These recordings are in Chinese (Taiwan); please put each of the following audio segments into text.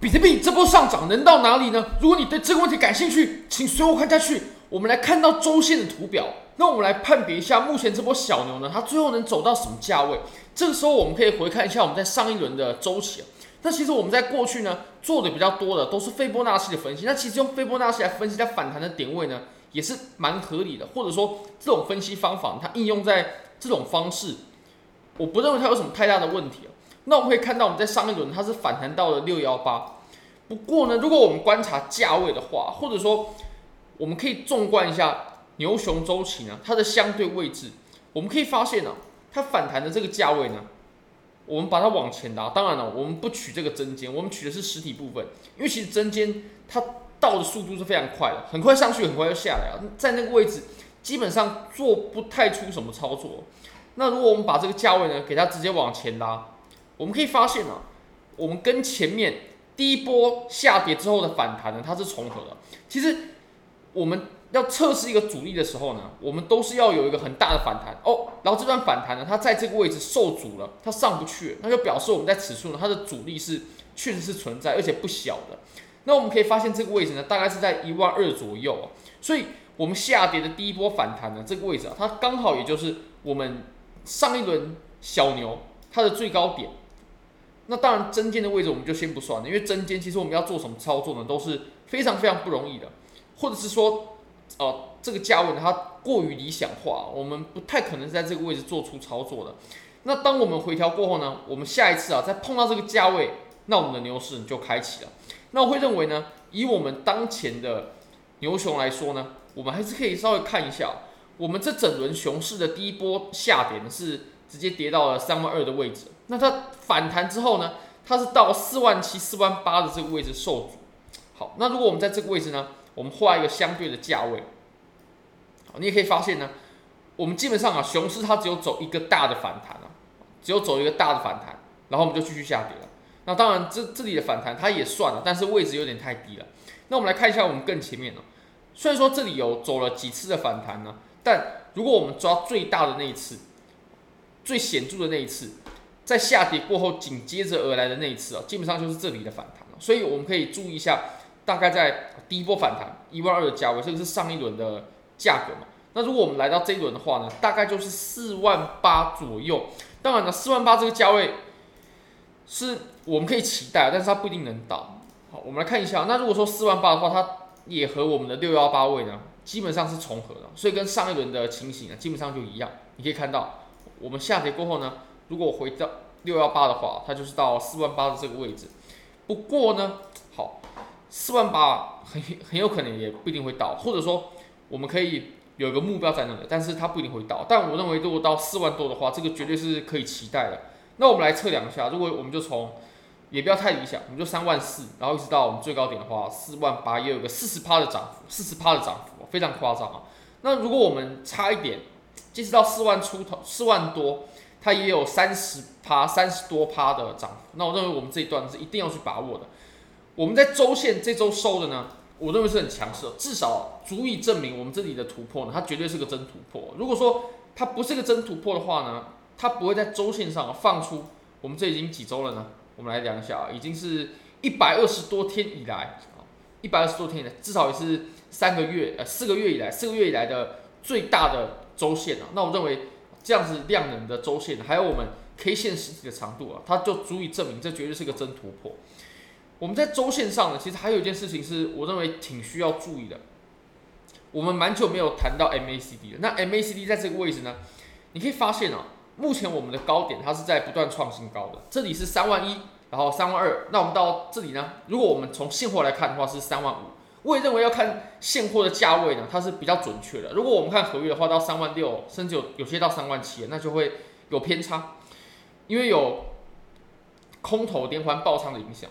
比特幣這波上漲能到哪裡呢？如果你對這個問題感興趣，請隨我看下去。我們來看到週線的圖表，那我們來判別一下目前這波小牛呢，它最後能走到什麼價位？這個時候我們可以回看一下我們在上一輪的週期。那其實我們在過去呢做的比較多的都是斐波那契的分析。那其實用斐波那契來分析它反彈的點位呢，也是蠻合理的。或者說這種分析方法它應用在這種方式，我不認為它有什麼太大的問題。那我們可以看到，我們在上一輪它是反彈到了618。不過呢，如果我們觀察價位的話，或者說我們可以縱觀一下牛熊周期呢，它的相對位置，我們可以發現呢、啊，它反彈的這個價位呢，我們把它往前拉。當然了，我們不取這個針尖，我們取的是實體部分，因為其實針尖它到的速度是非常快的，很快上去，很快就下來了、啊，在那個位置基本上做不太出什麼操作。那如果我們把這個價位呢，給它直接往前拉。我們可以發現呢、啊，我們跟前面第一波下跌之後的反彈呢，它是重合的。其實我們要測試一個阻力的時候呢，我們都是要有一個很大的反彈哦。然後這段反彈呢，它在這個位置受阻了，它上不去，那就表示我們在此處呢，它的阻力是確實是存在，而且不小的。那我們可以發現這個位置呢，大概是在一萬二左右啊。所以我們下跌的第一波反彈呢，這個位置啊，它剛好也就是我們上一輪小牛它的最高點。那當然，針尖的位置我們就先不算了，因為針尖其實我們要做什麼操作呢，都是非常非常不容易的，或者是說，呃，這個價位它過於理想化，我們不太可能在這個位置做出操作的。那當我們回調過後呢，我們下一次啊，再碰到這個價位，那我們的牛市就開啟了。那我會認為呢，以我們當前的牛熊來說呢，我們還是可以稍微看一下，我們這整輪熊市的第一波下跌是。直接跌到了三萬二的位置，那它反彈之後呢，它是到四萬七、四萬八的這個位置受阻。好，那如果我們在這個位置呢，我們畫一個相對的價位，你也可以發現呢，我們基本上啊，熊市它只有走一個大的反彈啊，只有走一個大的反彈，然後我們就繼續下跌了。那當然這，這這裡的反彈它也算了，但是位置有點太低了。那我們來看一下我們更前面哦、啊，雖然說這裡有走了幾次的反彈呢、啊，但如果我們抓最大的那一次。最顯著的那一次，在下跌過後緊接着而來的那一次啊，基本上就是這裡的反彈。所以我們可以注意一下，大概在第一波反彈一萬二的價位，這個是上一輪的價格嘛？那如果我們來到這輪的話呢，大概就是四萬八左右。當然了，四萬八這個價位是我們可以期待，但是它不一定能到。好，我們來看一下，那如果說四萬八的話，它也和我們的六幺八位呢，基本上是重合的，所以跟上一輪的情形啊，基本上就一樣。你可以看到。我們下跌過後呢，如果回到六幺八的話，它就是到四萬八的這個位置。不過呢，好，四萬八很很有可能也不一定會到，或者說我們可以有一個目標在那裡，但是它不一定會到。但我認為如果到四萬多的話，這個絕對是可以期待的。那我們來測量一下，如果我們就從也不要太理想，我們就三萬四，然後一直到我們最高點的話，四萬八也有個四十趴的漲幅，四十趴的漲幅非常誇張啊。那如果我們差一點。即使到四萬出頭、四萬多，它也有三十趴、三十多趴的漲幅。那我認為我們這一段是一定要去把握的。我們在周線這周收的呢，我認為是很強勢的，至少足以證明我們這裡的突破呢，它絕對是個真突破。如果說它不是個真突破的話呢，它不會在周線上放出。我們這已經幾周了呢？我們來量一下啊，已經是一百二十多天以來啊，一百二十多天以來，至少也是三個月、呃四個月以來，四個月以來的最大的。週線啊，那我認為這樣子量能的週線，還有我們 K 線實體的長度啊，它就足以證明這絕對是個真突破。我們在週線上呢，其實還有一件事情是我認為挺需要注意的。我們蠻久沒有談到 MACD 了。那 MACD 在這個位置呢，你可以發現啊，目前我們的高點它是在不斷創新高的。這裡是三萬一，然後三萬二，那我們到這裡呢，如果我們從現貨來看的話是三萬五。我也認為要看現貨的價位呢，它是比較準確的。如果我們看合約的話，到三萬六，甚至有有些到三萬七，那就會有偏差，因為有空頭連環爆倉的影響。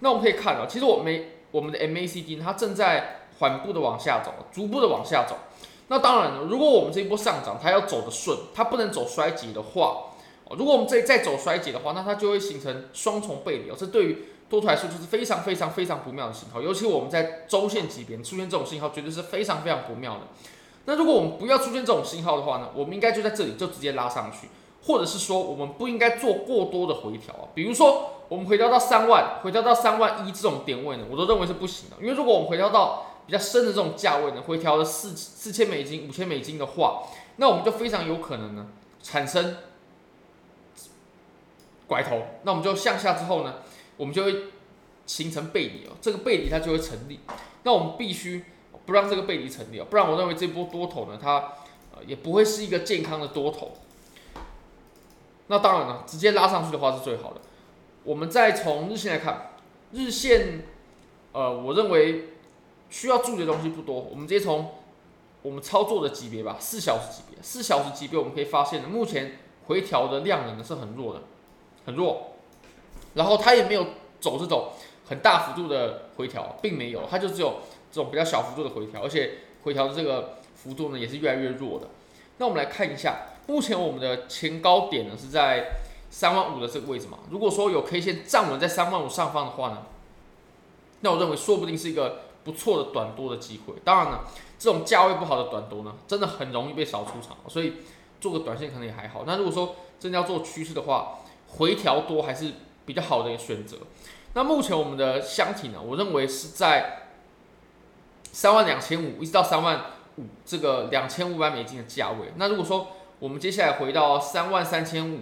那我們可以看到，喔，其實我們我們的 MACD 它正在緩步的往下走，逐步的往下走。那當然了，如果我們這一波上漲它要走得順，它不能走衰竭的話，如果我們這再，再走衰竭的話，那它就會形成雙重背離，喔，這對於，多頭來說，就是非常非常非常不妙的信號，尤其我們在週線級別出現這種信號，絕對是非常非常不妙的。那如果我們不要出現這種信號的話呢，我們應該就在這裡就直接拉上去，或者是說我們不應該做過多的回調啊。比如說我們回調到三萬，回調到三萬一這種點位呢，我都認為是不行的，因為如果我們回調到比較深的這種價位呢，回調了四四千美金、五千美金的話，那我們就非常有可能呢產生拐頭，那我們就向下之後呢。我們就會形成背離哦，這個背離它就會成立。那我們必須不讓這個背離成立啊，不然我認為這波多頭呢，它也不會是一個健康的多頭。那當然了，直接拉上去的話是最好的。我們再從日線來看，日線呃，我認為需要注意的東西不多。我們直接從我們操作的級別吧，四小時級別，四小時級別我們可以發現呢，目前回調的量能呢是很弱的，很弱。然後它也沒有走這種很大幅度的回調，並沒有，它就只有這種比較小幅度的回調，而且回調的這個幅度呢也是越來越弱的。那我們來看一下，目前我們的前高點呢是在三萬五的這個位置嘛。如果說有 K 線站穩在三萬五上方的話呢，那我認為說不定是一個不錯的短多的機會。當然了，這種價位不好的短多呢，真的很容易被掃出場，所以做個短線可能也還好。那如果說真的要做趨勢的話，回調多還是比較好的選擇。那目前我們的箱體呢，我認為是在三萬兩千五一直到三萬五這個兩千五百美金的價位。那如果說我們接下來回到三萬三千五，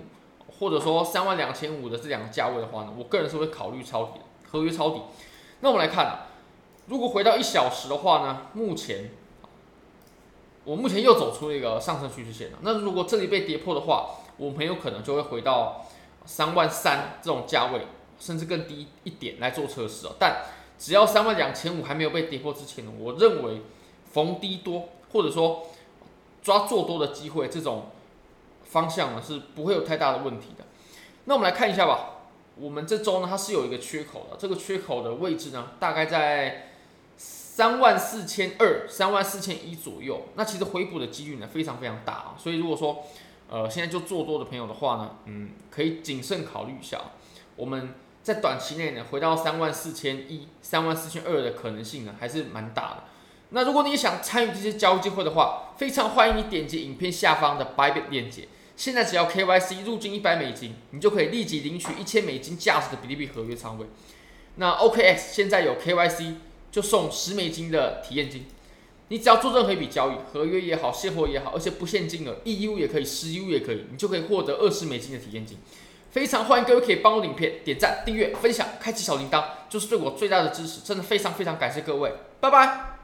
或者說三萬兩千五的這兩個價位的話呢，我個人是會考慮抄底，合約抄底。那我們來看啊，如果回到一小時的話呢，目前我目前又走出了一個上升趨勢線。那如果這裡被跌破的話，我很有可能就會回到。三萬三這種價位，甚至更低一點來做測試哦。但只要三萬兩千五還沒有被跌破之前呢，我認為逢低多，或者說抓做多的機會，這種方向呢是不會有太大的問題的。那我們來看一下吧。我們這周呢，它是有一個缺口的，這個缺口的位置呢，大概在三萬四千二、三萬四千一左右。那其實回補的幾率呢，非常非常大啊。所以如果說，呃，現在就做多的朋友的話呢，嗯，可以謹慎考慮一下。我們在短期內呢，回到三萬四千一、三萬四千二的可能性呢，還是蠻大的。那如果你也想參與這些交易機會的話，非常歡迎你點擊影片下方的 Bybit 鏈接。現在只要 KYC 入金一百美金，你就可以立即領取一千美金價值的比特幣合約倉位。那 OKX、OK、現在有 KYC 就送十美金的體驗金。你只要做任何一筆交易，合約也好，現貨也好，而且不限金額，一 u 也可以，十 u 也可以，你就可以獲得二十美金的體驗金。非常歡迎各位可以幫我影片、點贊、訂閱、分享、開啟小鈴鐺，就是對我最大的支持，真的非常非常感謝各位，拜拜。